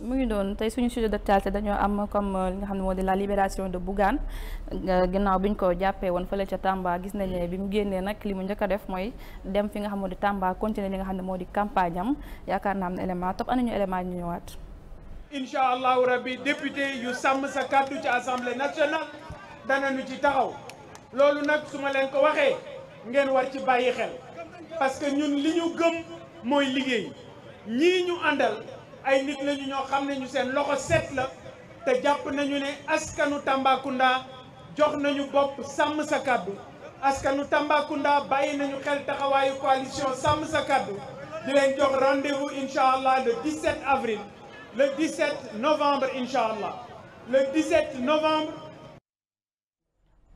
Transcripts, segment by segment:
mu ngi doon tey suñu sujet d'actualité dañoo am comme euh, li nga ne moo di la libération de Bougane ginnaaw bi ñu ko jàppee woon fële ca Tamba gis nañ ne bi mu génnee nag li mu njëkk def mooy dem fi nga xam moo di Tamba continuer li nga xam ne moo di campagne am yaakaar naa am na élément topp ana ñu élément ñu ñëwaat. incha allahu rabbi député yu sàmm sa kàddu ci assemblée nationale danañu ci taxaw loolu nag su ma leen ko waxee ngeen war ci bàyyi xel parce que ñun li ñu gëm ay nit lañu ñoo xam ne seen loxo set la te jàpp nañu ne askanu Tambacounda jox nañu bopp sàmm sa kàddu askanu Tambacounda bàyyi nañu xel taxawaayu coalition sàmm sa kàddu di leen jox rendez-vous incha allah le 17 avril le novembre incha le novembre.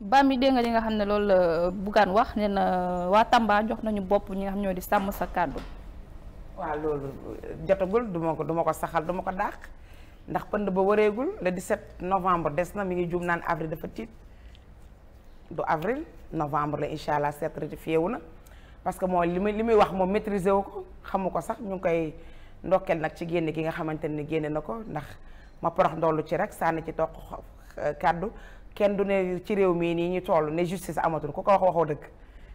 Bambi dégg nga li nga xam ne loolu la euh, Bougane wax nee na euh, waa Tamba jox nañu bopp ñi nga xam ñoo di sàmm sa kàddu. waa loolu jotagul du ma ko duma ko saxal du ma ko dàq ndax pënd ba wareegul le 17 novembre des na mi ngi juum naan avril dafa tiit du avril novembre la incha allah certifié wu na parce que moom li muy li muy wax moom maîtriser wu ko xamu ko sax ñu ngi koy ndokkeel nag ci génn ki nga xamante ni génne na ko ndax ma porox ndollu ci rek sànni ci toq euh, kàddu kenn du ne ci réew mii nii ñu toll ne justice amatul ku ko wax waxoo dëgg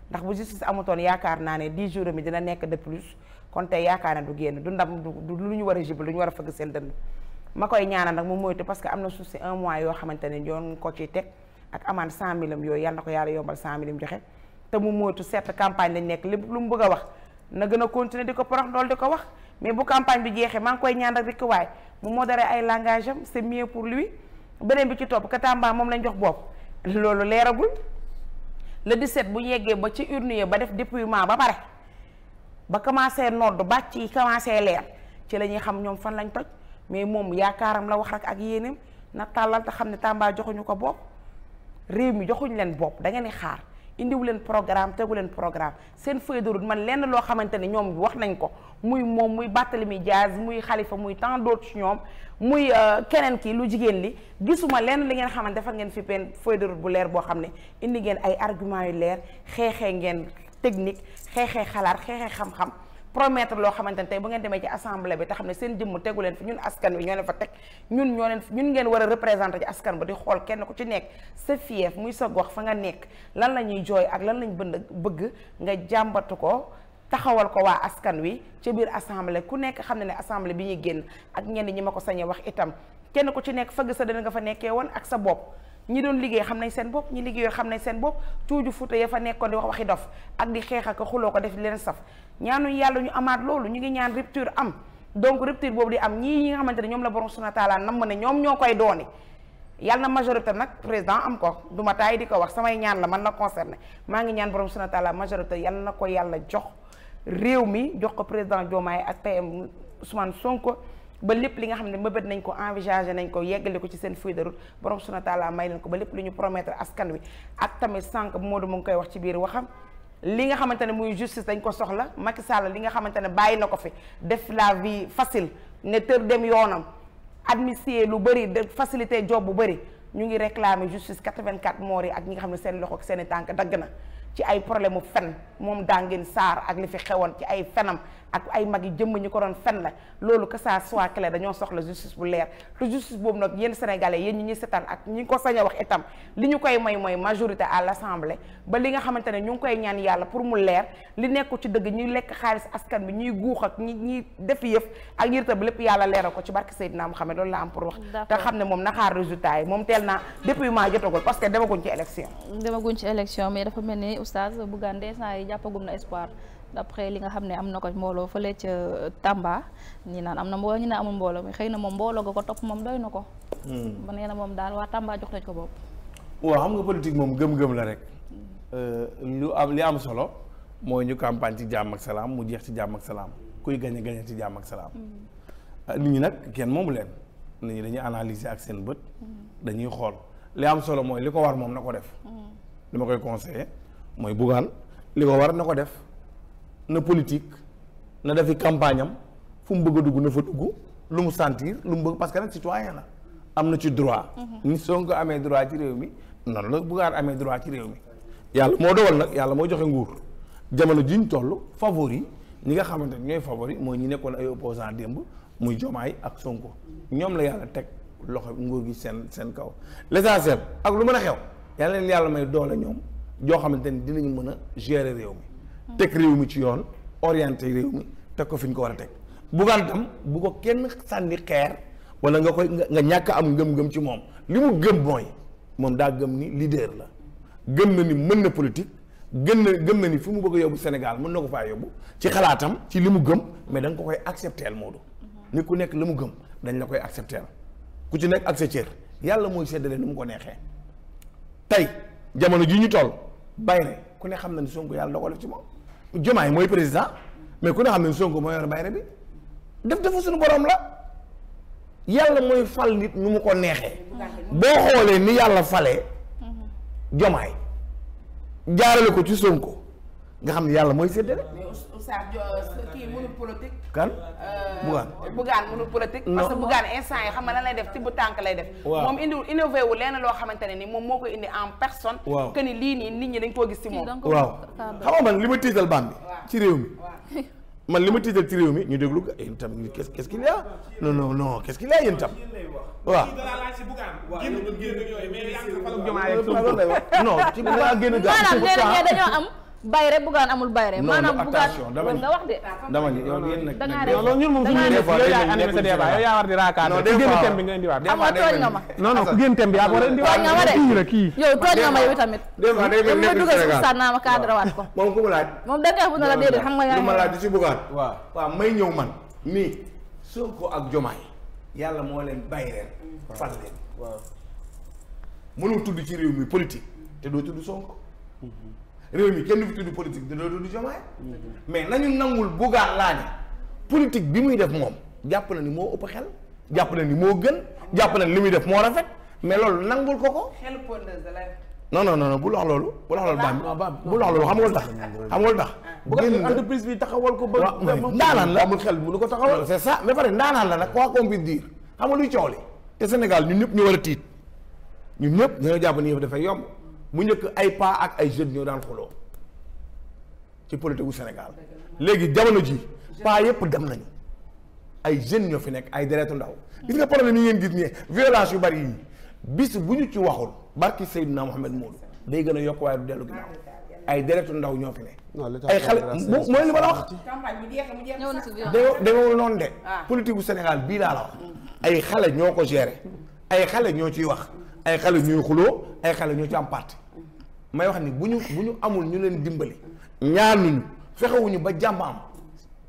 ndax bu justice amatoon yaakaar naa ne 10 jours mi dina nekk de plus kon tey yaakaar na du génn du ndam du lu ñu war a jubal du ñu war a fëgg seen dënd ma koy ñaanal nag moom moytu parce que am na suuf si un mois yoo xamante ne yoon ko ciy teg ak amaan cent mille yooyu yal na ko yàlla yombal cent mille am joxe te mu moytu certes campagne lañ nekk lépp lu mu bëgg a wax na gën a continuer di ko porox dool di ko wax mais bu campagne bi jeexee maa ngi koy ñaan rek rek waay mu modéré ay langage am c'est pour lui beneen bi ci topp Katamba moom lañ jox bopp loolu leeragul le 17 bu yeggee ba ci urne ba def dépouillement ba pare ba commencé nodd bàcc yi commencé leer ci la ñuy xam ñoom fan lañ toj mais moom yaakaaram la wax rek ak yéenem na tàllal te xam ne Tamba joxuñu ko bopp réew mi joxuñu leen bopp da ngeen di xaar indiwu leen programme tegu leen programme seen feuille man lenn loo xamante ni ñoom wax nañ ko muy moom muy Barthélémy Dias muy Khalifa muy tant ci ñoom muy euh, keneen ki lu jigéen li gisuma lenn li ngeen xamante defar ngeen fi benn feuille bu leer boo xam ne indi ngeen ay argument yu leer xeexee ngeen technique xeexee xalaat xeexee xam-xam promettre loo xamante ne tey bu ngeen demee ci assemble bi te xam ne seen jëmm tegu leen ñun askan wi ñoo leen fa teg ñun ñoo leen ñun ngeen war a représenter ci askan ba di xool kenn ku ci nekk sa fief muy sa gox fa nga nekk lan la ñuy jooy ak lan lañ bënd bëgg nga jàmbatu ko taxawal ko waa askan wi ci biir assemblée ku nekk xam ne ne assemblée bi ñuy génn ak ñenn ñi ma ko sañee wax itam kenn ku ci nekk fëgg sa dana nga fa nekkee woon ak sa bopp ñi doon liggéey xam nañ seen bopp ñi liggéeyoo xam nañ seen bopp tuuju fuuta ya fa nekkoon di wax waxi dof ak di xeex ak xuloo ko def leen saf ñaanuñ yàlla ñu amaat loolu ñu ngi ñaan rupture am donc rupture boobu di am ñii ñi nga xamante ne ñoom la borom subhanahu wa taala nam ne ñoom ñoo koy doone yàlla na majorité nag président am ko du ma taay di ko wax samay ñaan la man la concerné maa ngi ñaan borom subhanahu wa taala majorité yàlla na ko yàlla jox réew mi jox ko président Diomaye ak PM Ousmane Sonko ba lépp li nga xam ne mëbët nañ ko envisager nañ ko yeggale ko ci seen feuille de route borom suna taala may leen ko ba lépp lu ñu promettre askan wi ak tamit sànq moo mu ngi koy wax ci biir waxam li nga xamante ne muy justice dañ ko soxla Macky Sall li nga xamante ne bàyyi na ko fi def la vie facile ne tër dem yoonam admissier lu bëri de facilité job bu bëri ñu ngi réclamer justice 84 morts yi ak ñi nga xam ne seen loxo seeni tànk dagg na ci problème mu fen moom daa saar ak li fi xewoon ci ay fenam ak ay mag yi jëmm ñu ko doon fen la loolu que ça soit clair dañoo soxla justice bu leer te justice boobu nag yéen sénégalais yéen ñi ñuy setaan ak ñi ko sañ a wax itam li ñu koy may mooy majorité à l'assemblée ba li nga xamante ne ñu ngi koy ñaan yàlla pour mu leer li nekk ci dëgg ñuy lekk xaalis askan bi ñuy guux ak ñi ñuy def yëf ak yërta bi lépp yàlla leeral ko ci barke Seydina Muhammad loolu la am pour wax te xam ne moom naxaar résultat yi moom teel que demaguñ ci élection demaguñ ci élection mais dafa mel ni oustaz Bougane ndeysaan yi d'après li nga xam ne am na ko mbooloo fële ca euh, Tamba ñi naan am na mbooloo ñu ne amul mbooloo xëy na moom mbooloo ga ko moom doy na ko. Hmm. ba nee na moom daal Tamba jox nañ ko bopp. waaw xam nga politique moom gëm-gëm la rek. Hmm. Euh, lu am li am solo mooy ñu campagne ci jàmm ak mu jeex ci jàmm ak salaam kuy gañe gañe ci jàmm ak hmm. ah, ñi nag kenn moomu leen nit ñi dañuy analyser ak seen bët. dañuy xool li am solo mooy li ko war moom na ko def. ma koy conseillé mooy bugaan li ko war na ko def. na politique na dafi campagne am fu mu bëgg a dugg na fa dugg lu mu sentir lu mu bëgg parce que nag citoyen la am na ci droit. Mhm. ni Sonko amee droit ci réew mi noonu la Bougane amee droit ci réew mi. yàlla moo dogal nag yàlla moo joxe nguur jamono ji ñu toll favori ñi nga xamante ne ñooy favori mooy ñi nekkoon ay opposant démb muy Jomaay ak Sonko ñoom la yàlla teg loxo nguur gi seen seen kaw l'essentiel ak lu mën a xew yàlla leen yàlla may doole ñoom joo xamante ni dinañu mën a gérer réew mi. teg réew mi ci yoon orienté réew mi teg ko fi ñu ko war a teg Bougane tam bu ko kenn sànni xeer wala nga koy nga ñàkk am ngëm-ngëm ci moom li mu gëm mooy moom daa gëm ni leader la gëm na ni mën na politique gën na gëm na ni fi mu bëgg a yóbbu Sénégal mën na ko faa yóbbu ci xalaatam ci li mu gëm mais da ko koy accepteel Modou mhm. ni ku nekk la mu gëm dañ la koy accepteel ku ci nekk ak sa cër yàlla mooy séddale ni mu ko neexee tey jamono ji ñu toll bay ne ku ne xam na ni Sonko yàlla da ci moom Diomaye mooy président mais ku ne xam ne Sonko moo yor bayre bi def defu suñu borom la yàlla mooy fal nit nu mu ko neexee boo xoolee ni yàlla falee Diomaye jaarale ko ci Sonko nga xam ne yàlla mooy séddale Sarr kii euh, mënul politique. kan euh, Bougane. Bougane mënul politique. parce que Bougane instant yi xam nga lan lay def ci bu tànk lay def. waaw moom indiwul innové wu loo xamante ne ni moom moo ko indi en personne. waaw ni lii nii nit ñi dañ koo gis ci moom. waaw xam man li ma tiital baan bi. ci réew mi. man li ma tiital ci réew mi ñu déglu eh, yéen tam qu'est-ce qu'est-ce qu'il y a non non non qu'est-ce qu'il a dañoo am. bayre bugaan amul bayre maanaam bugaan nga wax de dama ni yow yéen nag non ñun moom suñu def yow yaa yaa war di raakaat ku génn ku génn thème bi yaa a indiwaat de kii yow tooñ nga ma yow tamit dama ma dugal si ma cadre waat ko moom ma laaj moom da nga bu xam nga yaa ma laaj di si bugaan may ñëw man nii Sonko ak Jomaay yàlla moo leen bàyyi leen fal leen mënul tudd ci réew mi politique te doo tudd Sonko mhm. réew mi kenn du fi tudd politique de loolu du Diomaye mais nañu nangul Bougane laa ne politique bi muy def moom jàpp na ni moo ëpp xel jàpp na ni moo gën jàpp na ni li muy def moo rafet mais loolu nangul ko ko. xel pondeuse la non non bu lox loolu. bu lox loolu baam bu lox loolu xam nga lu tax. xam nga lu tax. Ah. taxawal ko ba. ndaanaan la amul xel bu ko taxawal. c'est ça mais pare ndaanaan la nag quoi qu'on puisse dire xam nga luy coow li te Sénégal ñun ñëpp ñu war a tiit ñun ñëpp dañoo jàpp ni yëf dafay yomb mu njëkk ay pa ak ay jeunes ñoo daan xuloo ci politique gu Sénégal léegi jamono ji pa yëpp dem nañu ay jeunes ñoo fi nekk ay deretu ndaw gis nga problème yi ngeen gis ne violence yu bari yi bis bu ñu ci waxul barki Seydina Mohamed Moodu day gën a yokk waaye du dellu ginnaaw ay deretu ndaw ñoo fi ne ay xale mooy li ma la wax demewul noonu de ah. politique gu Sénégal bii laa la wax ay xale ñoo ko gérer ay xale ñoo ciy wax ay xale ñuy xuloo ay xale ñoo ci am parti may wax ni bu ñu bu ñu amul ñu leen dimbali ñaar ñaanuñu fexewuñu ba jàmm am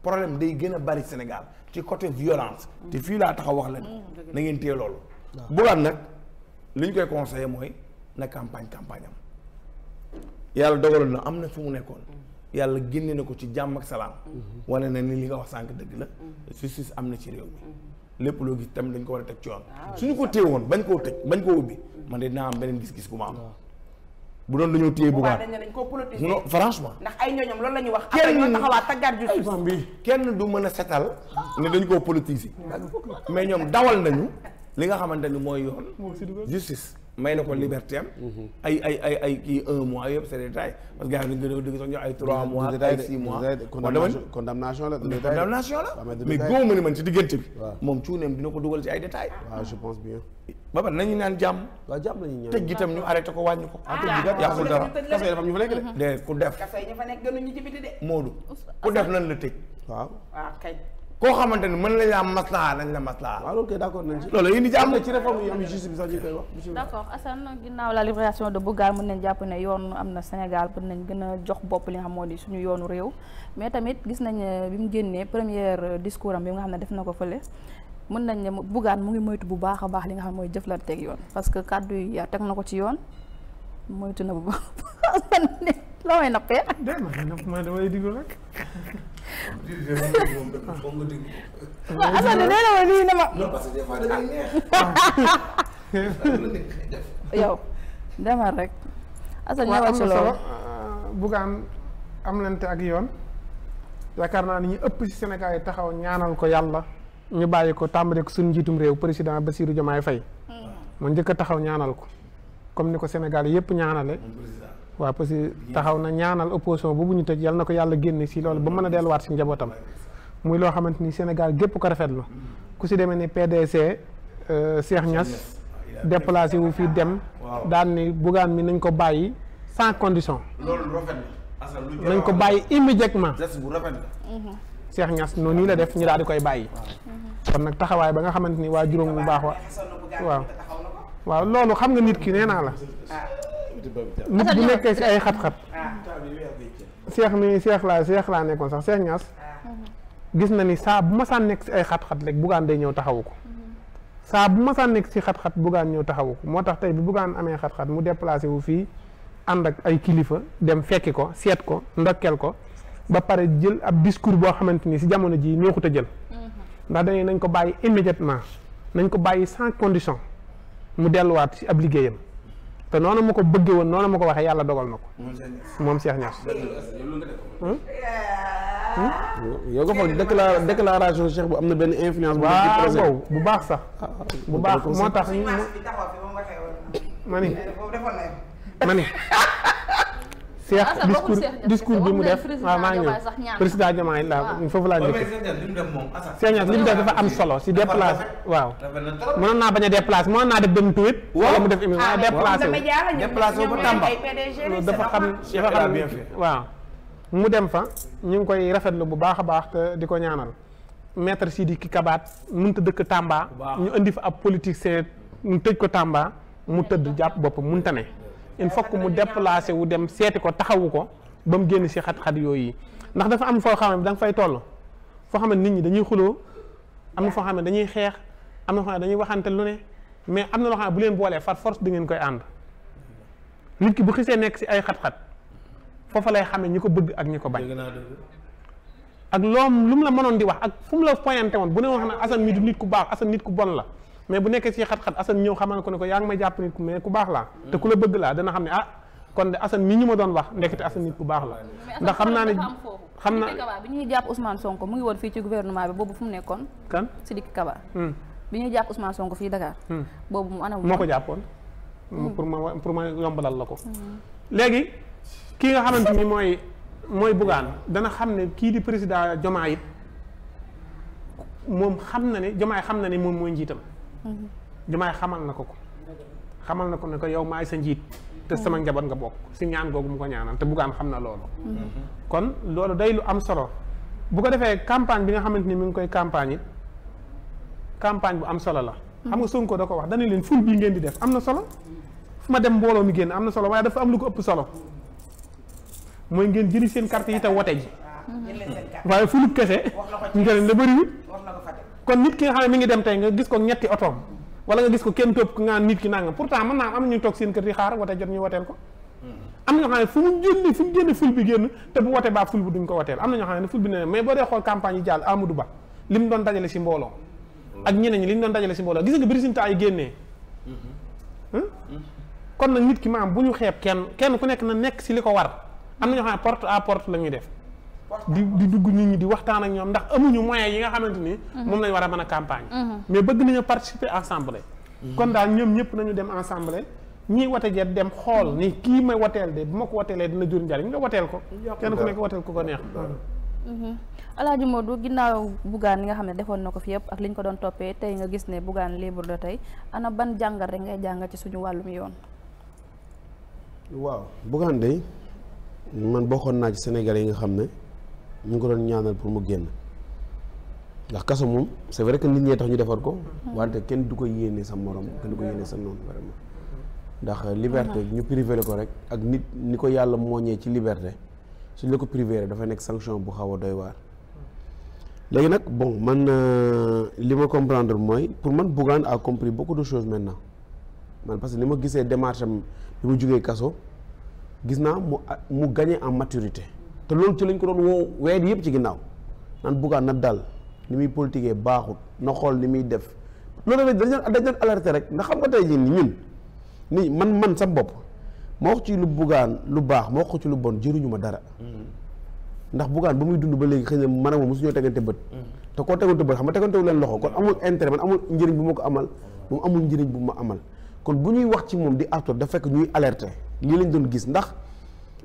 problème day gën a bari Sénégal ci côté violence te fii laa taxaw wax leen na ngeen téye loolu Bougane nag li ñu koy conseillé mooy na campagne campagne yàlla dogaloon na am na fu mu nekkoon yàlla génne na ko ci jàmm ak salaam mm-hmm. wane na ni li nga wax sànq dëgg la mm-hmm. justice am na ci réew mi mm-hmm. lépp loo gis tamit dañ ko war a teg ci su ah, suñu ko téye woon bañ koo tëj bañ koo ubbi man de dinaa am beneen gis-gis ku ma am bu doon dañoo téye bu baax non franchement ndax ay ñooñam loolu la ñuy wax kenn taxawaat taggaat justice bi kenn du mën a setal ne dañ koo politiser ah. mais ñoom dawal nañu li nga xamante ni mooy yoon justice may na ko liberté am. Mhm. ay ay ay ay kii un mois yëpp c' est des détails parce que gars yi dañu gën a dañu ay trois mois condamnation la. mais góob ma ne man ci diggante bi. moom cuuneem dina ko dugal ci ay détails. waaw ba pare nañu naan jàmm. jàmm tëj gi ñu arrêté ko wàññi yi ah, ah, dafa de. ku def kaso yi ku def nan la tëj. waaw ah, koo xamante ne mën nañ la maslaa nañ la maslaa. waaw loolu kay d'accord nañ ci. loolu indi jàmm ci réforme yi am justice bi sax ñu koy wax. d'accord nañ jàpp ne yoon am na Sénégal mën nañ gën a jox bopp li nga xam moo di suñu yoonu réew mais tamit gis nañ euh, bi mu génnee première euh, discours am bi nga xam ne def na ko fële. mën nañ ne gaan mu ngi moytu bu baax a baax li nga xam mooy jëflanteeg yoon parce que kàddu yi yaa teg na ko ci yoon moytu na bu baax loo may nappee. damay napp ma waaw Assane nee na ma nii am lante ah, ak yoon yakaar naa ni ñu ëpp ci Sénégal yi taxaw ñaanal ko yàlla ñu bàyyi ko tàmbali ko suñu njiitum réew président Bassirou Diomaye Faye fay mm. njëkk a taxaw ñaanal ko comme ni ko senegal yëpp ñaanale waaw parce que taxaw na ñaanal opposition boobu ñu tëj yal na ko yàlla génne si loolu ba mën a delluwaat si njabootam muy loo xamante ni Sénégal gépp ko rafetlu ku si demee ne PDC euh, Cheikh Niass déplacé wu fii dem daan ni bugaan mi nañ ko bàyyi sans condition nañ ko bàyyi immédiatement mhm. Cheikh Niass noonu nii la def ñu daal di koy bàyyi mhm. kon nag taxawaay ba nga xamante ni waa juróom bu baax wa waaw waaw loolu xam nga nit ki nee naa la ah. nit bu nekkee si ay xat-xat ah, seex mi seex laa seex laa nekkoon sax seex ñaas ah. gis na ni saa bu ma saan nekk si ay xat-xat rek bugaan day ñëw taxawu ko saa bu ma saan nekk si xat-xat bugaan ñëw taxawu ko moo tax tey bi bugaan amee xat-xat mu déplacé wu fii ànd ak ay kilifa dem fekki ko seet ko ndokkel ko ba pare jël ab discours boo xamante ni si jamono jii neexut a jël ndax dañu nañ ko bàyyi immédiatement nañ ko bàyyi sans condition mu delluwaat si ab liggéeyam te noonu ma ko bëggee woon noonu ma ko waxee yàlla dogal na ko moom Cheikh Niass hmm? yow nga foog déclaration Cheikh bu am na benn influence bu bu baax sax ah, ah, bu baax moo tax ma ni seex ah, discours discours bi mu def waaw maa ngi ñëw président Diomaye laa foofu laa njëkk Cheikh Niass li def dafa am solo si déplace waaw mënoon naa bañ a déplace mënoon naa def dem tuwit wala mu def émi ah, ah, waaye déplacé wu dafa xam dafa xam waaw mu dem fa ñu ngi koy rafetlu bu baax a baax di ko ñaanal maître Sidiki Kabaat mënta dëkk Tamba ñu indi fa ab politicien mu tëj ko tàmba mu tëdd jàpp boppam mënta ne il faut que mu déplacé wu dem seeti ko taxawu ko ba mu génn si xat-xat yooyu ndax dafa am foo xam ne da nga fay toll foo xam ne nit ñi dañuy xuloo am na foo xam ne dañuy xeex am na foo xam ne dañuy waxante lu ne mais am na loo xam bu leen boolee far force di ngeen koy ànd nit ki bu xisee nekk si ay xat-xat foofa lay xamee ñi ko bëgg ak ñi ko bañ ak loom lu mu la mënoon di wax ak fu mu la pointé woon bu ne woon xam ne Assane du nit ku baax Assane nit ku bon la mais bu nekkee ci xat-xat Assane ñëw xamal ko ne ko yaa ngi may jàpp nit ku mais ku baax laa te ku la bëgg laa dana xam ne ah kon de Assane mi ñu ma doon wax ndekete Assane nit ku baax la ndax xam naa ne xam naa Kaba bi ñuy jàpp Ousmane sonk mu ngi woon fii ci gouvernement bi boobu fu mu nekkoon kan Sidiki Kaba hmm. bi ñuy jàpp Ousmane Sonko fii Dakar hmm. boobu mu anam moo ko jàppoon hmm. pour ma pour ma yombalal la ko léegi kii nga xamante ni mooy mooy Bougane dana xam ne kii di président Diomaye it moom xam na ne Diomaye xam na ne moom mooy njiitam jumaay xamal na ko ko xamal na ko ne ko yow maay sa njiit te sama njaboot nga bokk si ñaan googu mu ko ñaanal te buggaan xam na loolu kon loolu day lu am solo bu ko defee campagne bi nga xamante ni mu ngi koy campagne it campagne bu am solo la xam nga ko da ko wax dana leen ful bii ngeen di def am na solo fu ma dem mbooloo mi génn am na solo waaye dafa am lu ko ëpp solo mooy ngeen jëli seen carte yi te wote ji waaye fulub kese ngeen la bëriwut kon nit ki nga xam ne mi ngi dem tey nga gis ko ñetti otoom wala nga gis ko kenn topp ko nga nit ki pour pourtant mën naa am ñu toog seen kër di xaar wote jot ñu woteel ko am na ñoo xam ne fu mu génn fu mu génn ful bi te bu wote baa duñ ko woteel am na ñoo xam ne ful bi ne mais boo dee xool campagne yi jàll Amadou Ba li mu doon dajale si mbooloo ak ñeneen ñi li ñu doon dajale si mbooloo gis nga bi résultat yi génnee kon nag nit ki maam bu ñu xeeb kenn kenn ku nekk na nekk si li ko war am na ñoo xam ne porte à porte la ñuy def di dugg ñu ñi di waxtaan ak ñoom ndax amuñu moyens yi nga xamante ni. Mhm. moom lañ war a man a campagne. Mhm. mais bëgg nañu participer assemblée. Mhm. kon daal ñoom ñëpp nañu dem assemblée. ñii wote jeet dem xool ni kii may woteel de bu ma ko woteelee dina jur njariñ nga woteel ko. kenn ku nekk woteel ko ko neex. Alaaji Modou ginnaaw Bougane li nga xam ne defoon na ko fi yëpp ak li ñu ko doon toppee tey nga gis ne Bougane libre la tey ana ban jàngar rek ngay jàngat ci suñu wàllum yoon. waaw Bougane de man bokkoon naa ci yi nga xam ne. ñu ngi ko doon ñaanal pour mu génn ndax kaso moom c'est vrai que nit ñee tax ñu defar ko. wante kenn du ko yéene sa moroom kenn du ko yéene sa noonu vraiment. ndax liberté ñu privé ko rek ak nit ni ko yàlla mooñee ci liberté suñ la ko privé dafay nekk sanction bu xaw a doy waar. léegi nag bon man euh, li ma comprendre mooy pour man Bougane a compris beaucoup de choses maintenant man parce que ni ma gisee démarche am bi mu jugee kaso gis naa mu mu gagné en maturité. te loolu ci lañ ko doon woo weer yëpp ci ginnaaw naan buggaan na dal ni muy politiquee baaxut na xool ni muy def loolu dañ doon dañ doon alerté rek ndax xam nga tey jii ni ñun ni man man sa bopp ma wax ci lu buggaan lu baax ma wax ci lu bon jëriñu ma dara ndax buggaan ba muy dund ba léegi xëy na man ak moom mosuñoo tegante bët te koo tegante bët xam nga tegante wu leen loxo kon amul intérêt man amul njëriñ bu ma ko amal moom amul njëriñ bu ma amal kon bu ñuy wax ci moom di artu da fekk ñuy alerté lii lañ doon gis ndax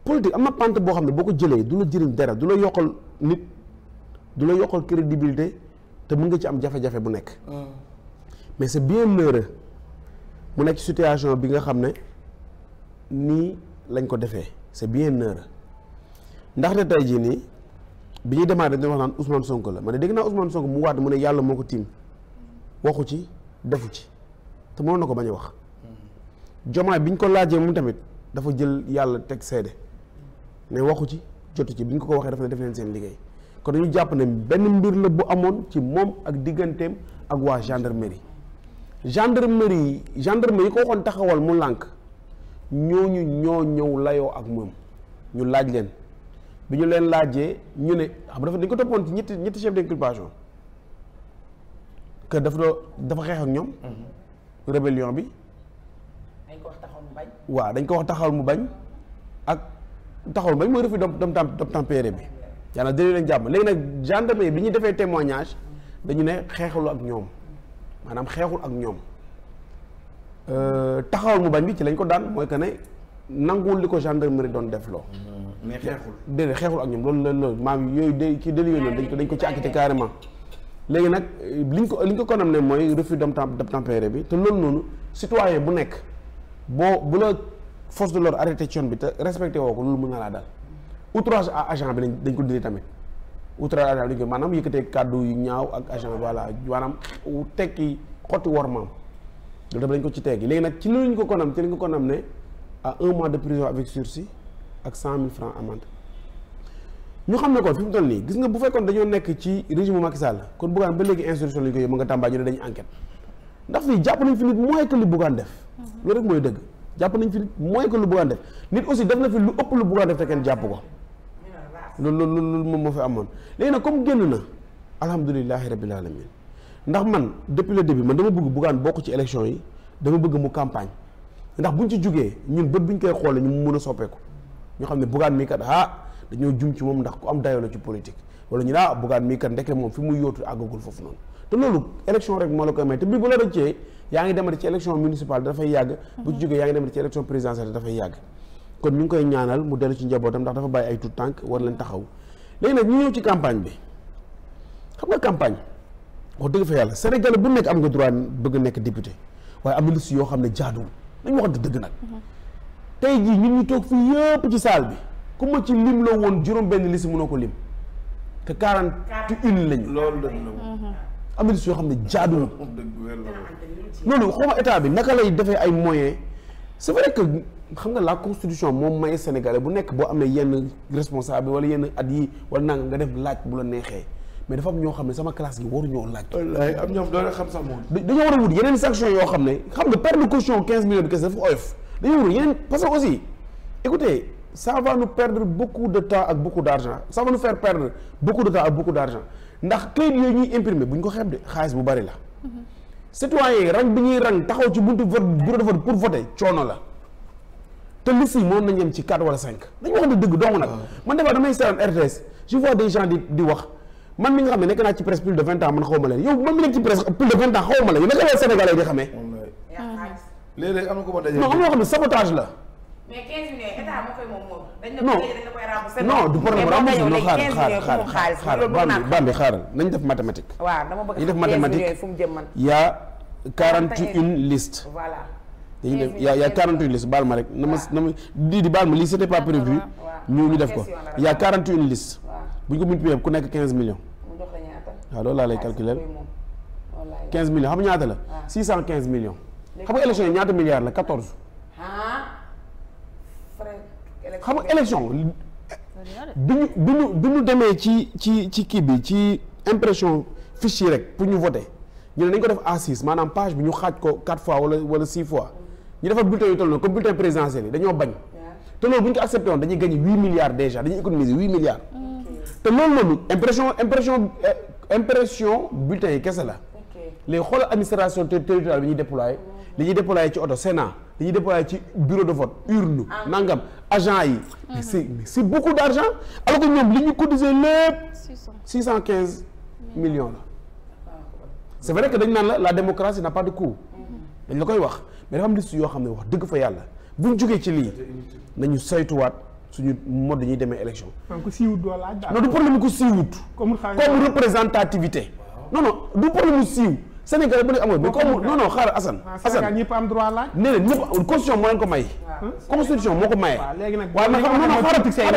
politique am na pante boo xam ne boo ko jëlee du la jëriñ dara du la yokkal nit du la yokkal crédibilité te mën nga ci am jafe-jafe bu nekk. Mm. mais c'est bien heureux mu nekk situation bi nga xam ne nii lañ ko defee c'est bien heureux ndaxte tey jii nii bi ñuy démarrer dañu wax naan Ousmane Sonko la ma ne dégg naa Ousmane Sonko mu waat mu ne yàlla moo ko tiim waxu ci defu ci te mënoon na ko bañ a wax. Mm. jomaay bi ñu ko laajee moom tamit dafa jël yàlla teg seede. ne waxu ci jotu ci bi ñu ko ko waxee dafa ne def leen seen liggéey kon dañu jàpp ne benn mbir la bu amoon ci moom ak digganteem ak waa gendre gendarmerie gendarmerie gendarmerie ko waxoon taxawal mu lànk ñoo ñu ñoo ñëw layoo ak moom ñu laaj leen bi ñu leen laajee ñu ne xam dafa dañ ko toppoon ci ñetti ñetti chef d'inculpation que dafa doo dafa xeex ak ñoom mm-hmm. rébellion bi dañ ko wax dañ ko wax taxawal mu bañ taxaw bañ mooy refus d'obtempérer bi yàlla dina leen jàmm léegi nag gendarmerie bi ñu defee témoignage dañu ne xeexalu ak ñoom maanaam xeexul ak ñoom euh, taxawal mu bañ bi ci lañ ko daan mooy que ne nanguwul li ko gendarmerie doon def loo. mais xeexul déedéet xeexul ak ñoom loolu la loolu maam yooyu de kii déli yooyu dañ ko dañ ko ci acquitté carrément léegi nag ñu ko liñ ko konam ne mooy refus d'obtempérer bi te loolu noonu citoyen bu nekk boo bu la. force de l'ordre arrêté ci bi te respecté woo ko loolu mën na laa dal outrage à agent bi dañ ko dindi tamit outrage à agent bi dañ ko maanaam yëkkatee kàddu yu ñaaw ak agent voilà maanaam tekki xotti war maam loolu tamit dañ ko ci teggi léegi nag ci loolu ñu ko konam ci lañ ko konam ne à un mois de prison avec sursis ak cent mille francs amende ñu xam ne kon fi mu toll nii gis nga bu fekkoon dañoo nekk ci régime Macky Sall kon Bougane ba léegi instruction lañ koy yóbbu nga tàmbaa ñu ne dañuy ndax fii jàpp nañ fi nit moins que def mm-hmm. rek mooy dëgg jàpp nañ fi moins que lu bëggoon def nit aussi def na fi lu ëpp lu bëggoon def te kenn jàpp ko loolu loolu loolu moom moo fi amoon léegi nag comme génn na alhamdulilahi rabbil alamin ndax man depuis le début man dama bëgg buggaan bokk ci élection yi dama bëgg mu campagne ndax buñ ci jógee ñun bët buñ koy xoolee ñu mu mun a soppeeku ñu xam ne buggaan mii kat ah dañoo jum ci moom ndax ku am dayoo la ci politique wala ñu ne ah buggaan mii kat ndeke moom fi muy yóotu àggagul foofu noonu te loolu élection rek moo la koy may te bii bu la rëccee yaa ngi demati ci élection municipale dafay yàgg bu ci jógee yaa ngi demati ci élection présidentielle dafay yàgg kon ñu ngi koy ñaanal mu dellu ci njabootam ndax dafa bàyyi ay tout tànk war leen taxaw léegi nag ñu ñëw ci campagne bi xam nga campagne wax dëgg fa yàlla Sénégal bu nekk am nga droit bëgg nekk député waaye am na liste yoo xam ne jaaduwul dañu waxante dëgg nag mhm. tey jii ñun ñu toog fii yëpp ci salle bi ku ma ci lim la woon juróom benn liste mënoo ko lim te quarante une lañu loolu dëgg am na yoo xam ne jaadu na loolu xawma état bi naka lay defee ay moyens c'est vrai que xam nga la constitution moom may sénégalais bu nekk boo amee yenn responsable wala yenn at yi wala nanga nga def laaj bu la neexee mais dafa am ñoo xam ne sama classe gi waruñoo laaj. wallaay am xam sax moom. dañoo war a wut yeneen sanction yoo xam ne xam nga perte de caution 15 millions de caisse dafa oyof dañoo wut yeneen parce que aussi écoutez ça va nous perdre beaucoup de temps ak beaucoup d' argent ça va nous faire perdre beaucoup de temps ndax këyit yooyu ñuy imprimer bu ñu ko xeeb de xaalis bu bari la. citoyen rang bi ñuy rang taxaw ci buntu vote bureau de vote pour voter coono la te liste yi moom nañ yem ci quatre wala cinq dañu waxante dëgg dong nag. Ah. man dafa damay seetaan RTS je vois des gens di di wax man mi nga xam ne nekk naa ci presse plus de vingt man xaw ma leen yow man mi nekk ci presse plus de vingt xaw ma leen yow naka la Sénégalais di xamee. léeg xam ne sabotage la. mais 15 millions état moo koy moom moom. dañ la koy remboursé. non du problème remboursé non xaaral xaaral xaaral xaaral bambi bambi xaaral nañ def mathématique. waaw dama bëgg xam 15 millions fu mu a 41 listes. voilà dañuy def y' a y' a 41 listes baal ma rek. na ma na ma di di baal ma lii c' était pas prévu. ñu ñu def ko y' a 41 listes. bu ñu ko multiplier ku nekk 15 millions. waaw ah, loolu laa lay ah, calculer 15 millions xam ñaata la. 615 ah. millions. xam nga élection yi ñaata milliards la 14. xam nga élection bi ñu bi ñu bi ñu demee ci ci ci kii bi ci impression fiche yi rek pour ñu voter ñu ne dañ ko def A6 maanaam page bi ñu xaaj ko quatre fois wala wala six fois ñu defar bulletin yu toll noonu comme bulletin présidentiel yi dañoo bañ te loolu bu ñu ko accepté woon dañuy gagné huit milliards déjà dañuy économiser huit milliards te loolu noonu impression impression eh, impression bulletin yi kese la léegi xoolal administration territoriale bi ñuy déployé mm. li ñuy déployé ci oto dañuy déployer ci bureau de vote urne ah nangam agent yi mm-hmm. mais c'est c'est beaucoup d'argent alors que ñoom li ñu cotiser lépp six cent quinze million la ah c'est vrai que dañ naan la la démocratie n'a pas de coût mm-hmm. dañ la koy wax mais dafa am liste yoo xam ne wax dëgg fa yàlla bu jógee ci lii nañu saytuwaat suñu mode dañuy demee élection non du problème ku siiwut comme représentativité non du problème siiw Sénégal bu ñu amoon mais xaaral Assane. Ah, Assane ñëpp am droit laaj. nee na moo leen ko may. Ah. constitution xaaral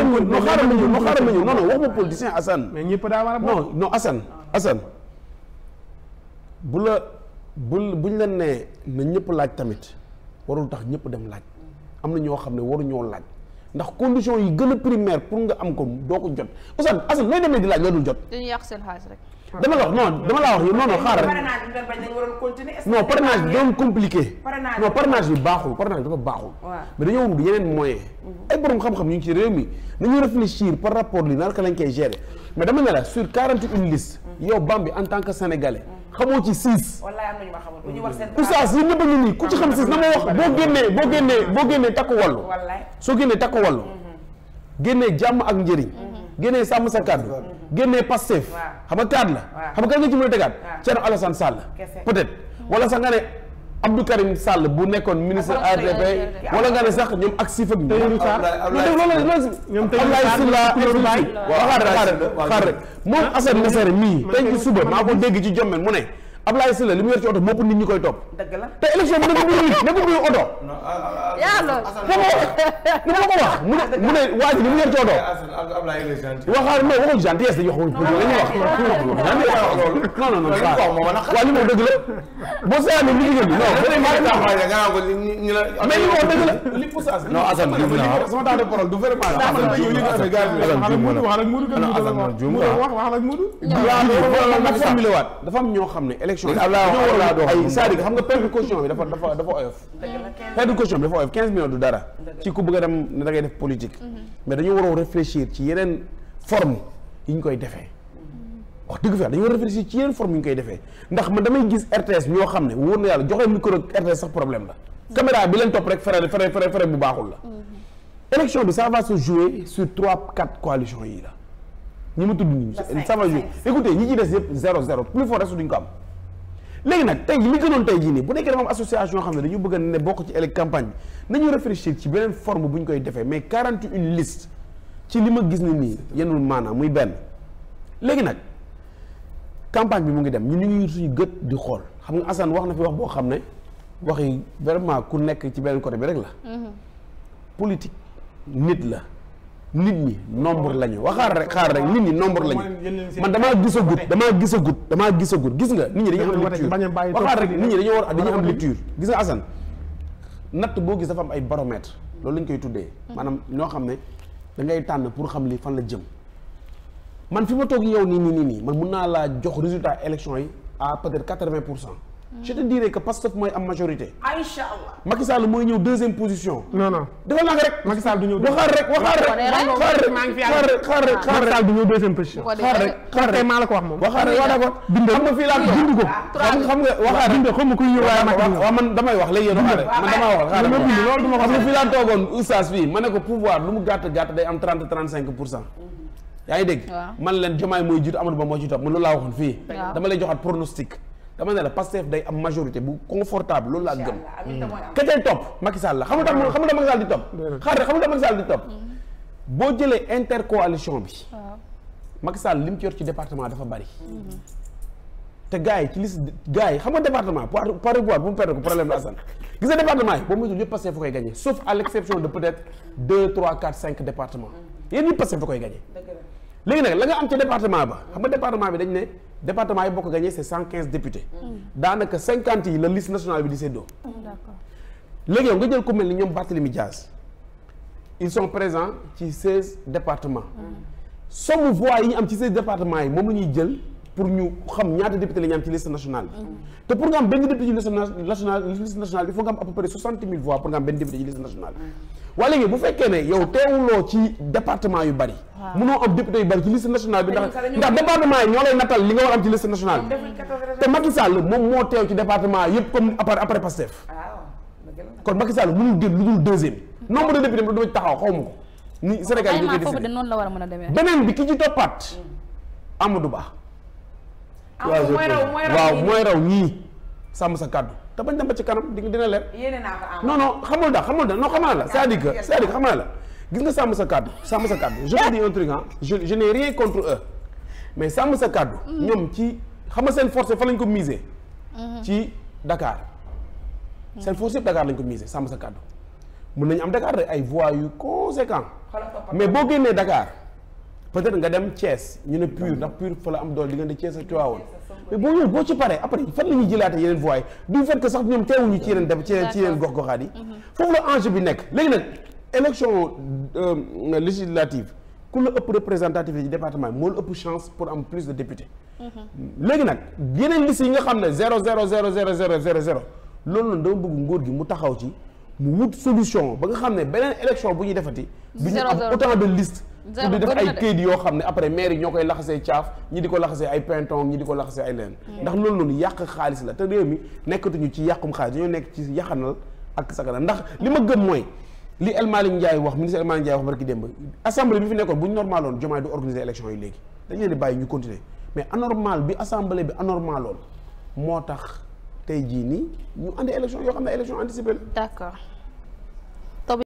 ma ñëw xaaral ma ñëw non xaaral ma ñëw non non waxuma politicien Assane. mais ñëpp daa war a non non Assane ah. Assane bu la bu buñ leen na ñëpp laaj tamit warul tax ñëpp dem laaj am na ñoo xam ne waru waruñoo laaj ndax condition yi gën a primaire pour nga am ko doo ko jot Assane Assane looy demee di laaj loo dul jot. dañuy rek. dama la wax non dama la wax non non xaaral non parrainage bi doon compliqué non parrainage bi baaxul parrainage dafa baaxul mais dañoo wut yeneen moyen mhm. ay borom xam-xam ñu ngi ci réew mi nañu réfléchir par rapport li naka lañ koy gérer mais dama ne sur quarante et une listes yow en tant que sénégalais mhm. xamoo ci six oustaz yi nëbba ñu nii ku ci xam six na ma wax boo génnee boo génnee boo génnee takku wàllu soo mhm. génnee jàmm ak njëriñ génnee sàmm sa kàddu génnee Pastef xam a kaat la xam nga kan nga ci mën a tegaat Thierno Alassane Sall peut-être nga ne Abdou Karim Sall bu nekkoon ministre ARTP a nga ne sax ñoom ak si xaar rek xaar rek moom Assane Nassere mii tey ci suba maa ko dégg ci jommen mu ne Ablaye Sylla li mu yor ci oto moo ëpp nit ñi koy topp. dëgg la te élection bi dafa bëri nit dafa bëri oto. yàlla ni ma ko wax mu ne mu ne waa ji li mu yor ci oto. waxaar non waxul gentillesse dañuy wax non non non waaw li mu dëgg la boo seetlu ni ñu non mais li mu wax dëgg la. li poussage non Assane Diouf la sama temps de parole du vraiment. Assane Diouf la dafa am ñoo xam ne protection bi. ay c'est-à-dire xam nga perte de caution bi dafa dafa dafa oyof. perte de caution bi dafa oyof 15 millions du dara. ci ku bëgg a dem da ngay def politique. Mhm. mais dañu war réfléchir ci yeneen form yi ñu koy defee. wax dëgg fa dañu ci yeneen forme yi ñu koy defee ndax man damay gis RTS ñoo xam ne wóor na yàlla joxee micro RTS sax problème la. caméra bi leen topp rek fere fere fere fere bu baaxul la. Mhm. élection bi ça va se jouer sur trois quatre coalitions yi la. ñi ma tudd nii ça va jouer écoutez ñi ci des yëpp zéro zéro plus fort reste duñ ko am. léegi nag tey li gënoon tey jii nii bu nekkee dafa am association xam ne dañu bëgg ne bokk ci élec campagne bi nañu réfléchir ci beneen forme bu ñu koy defee mais 41 liste ci li ma gis ne nii yenul maanaam muy benn léegi nag campagne bi mu ngi dem ñun ñu ngi suñu gët di xool xam nga Assane wax na fi wax boo xam ne waxi vraiment ku nekk ci beneen côté bi rek la mm-hmm. politique nit la nit ñi nombre la ñu waxaar rek xaar rek nit ñi nombre la ñu man damaa gis a gudd damaa gis a gudd gis nga nit ñi dañu am lecture waxaar rek nit ñi dañoo war dañu am lecture gis nga Assane natt boo gis dafa am ay baromètre loolu lañ koy tuddee mm-hmm. maanaam ñoo xam ne da tànn pour xam li fan la jëm man fi ma toog yow nii nii nii nii man mun naa laa jox résultat élection yi à peut-être quatre-vingt pour cent je te dirai que Pastef mooy am majorité. incha allah Macky Sall mooy ñëw deuxième position. non non defal naa ko rek. Macky Sall rek waxaar xaar rek xaar rek xaar xaar rek du xaar rek xaar rek wax moom. rek waaw xam nga fii laa bind ko. xam nga waxaar bind xam nga man damay wax léegi yéen waxaar rek man damay wax xaaral loolu duma ko xam nga fii ma ne pouvoir lu mu gàtt gàtt day am 30 35 pour cent mhm. yaa ngi man leen jomaay mooy jiitu Amadou Ba moo ci dama ne la Pastef day am majorité bu confortable loolu laa gëm. ketey topp Macky Sall la xamul tax xamul tax di topp. Mm-hmm. boo jëlee intercoalition bi. Macky Sall li mu ci yor ci département dafa bari. Mm-hmm. te gars yi ci liste gars yi xam nga département par par rapport bu mu perdre ko problème la Assane gis nga yi boo moytuwul yëpp Pastef fa koy gagné sauf à exception de peut deux trois quatre cinq département mm-hmm. yéen ñëpp Pastef fa koy gagné. léegi nag la nga am ci département ba xam nga département bi dañ ne. département yi bokk gagné c' est cent quinze députés. daanaka cinquante yi la liste nationale bi di séddoo. d'accord léegi yow nga jël ku mel ni ñoom Barthélemy Diaz ils sont présents ci seize départements. Mm. somme voix yi ñu am ci seize départements yi moom la ñuy jël. pour ñu xam ñaata député la am ci liste nationale bi te pour nga am benn député ci liste nationale liste nationale bi il faut nga am à peu près soixante mille voix pour nga am benn député ci liste nationale bi mm. ndax ndax yi ñoo lay nattal li nga war am ci liste nationale bi te Macky moom moo teew ci département yëpp comme après après Pastef ah, kon Macky Sall mënul lu dul deuxième nombre de député dama ci taxaw xaw ma ko beneen bi ki ci toppaat mm. Amadou Ba Ah, waaw mooy raw ñii sàmm sa kàddu te bañ dem ba ci kanam di dina leer non non xamul da xamul da non xamal la c'est-à-dire que c'est-à-dire que xamal la gis nga sàmm sa kàddu sàmm sa kàddu je te dis un truc je je n'ai contre eux mais sàmm sa kàddu mm-hmm. ñoom ci xam nga seen force fa lañ ko miser mm-hmm. ci Dakar mm-hmm. seen force yëpp Dakar lañ ko miser sàmm sa kàddu mën nañu am Dakar rek ay voix yu conséquent mais boo génnee dakaar peut-être nga dem Thiès ñu ne pur ndax pur fa la am doole diggante Thiès ak Tivaouane mais boo ñëwee boo ci paree après fan la ñuy jëlaate yeneen voies du fait que sax ñoom teewuñu ci yeneen def ci yeneen gox-goxaat yi mm-hmm. foofu la enjeu bi nekk léegi nag élection euh, législative ku la ëpp représentativité ci département bi moo ëpp chance pour am plus de députés mm-hmm. léegi nag yeneen liste yi nga xam ne zéro zéro zéro zéro zéro zéro zéro loolu dama bëgg nguur gi mu taxaw ci mu ba nga xam ne beneen élection bu ñuy defati du ñu am di def ay këyit yoo xam ne après maire ñoo koy laxasee caaf ñi di ko laxasee ay pinton ñi di ko laxasee ay leneen ndax loolu noonu yàq xaalis la te réew mi nekkatuñu ci yàqum xaalis dañoo nekk ci yaxanal ak sakana ndax li ma gëm mooy li El Malick Ndiaye wax ministre El Malick wax barki démb assemblée bi fi nekkoon bu ñu normaloon Diomaye du organiser élection yi léegi dañu leen di bàyyi ñu continuer mais anormal bi assemblée bi anormaloon tax tey jii nii ñu andi élection yoo xam ne élection anticipée la d'accord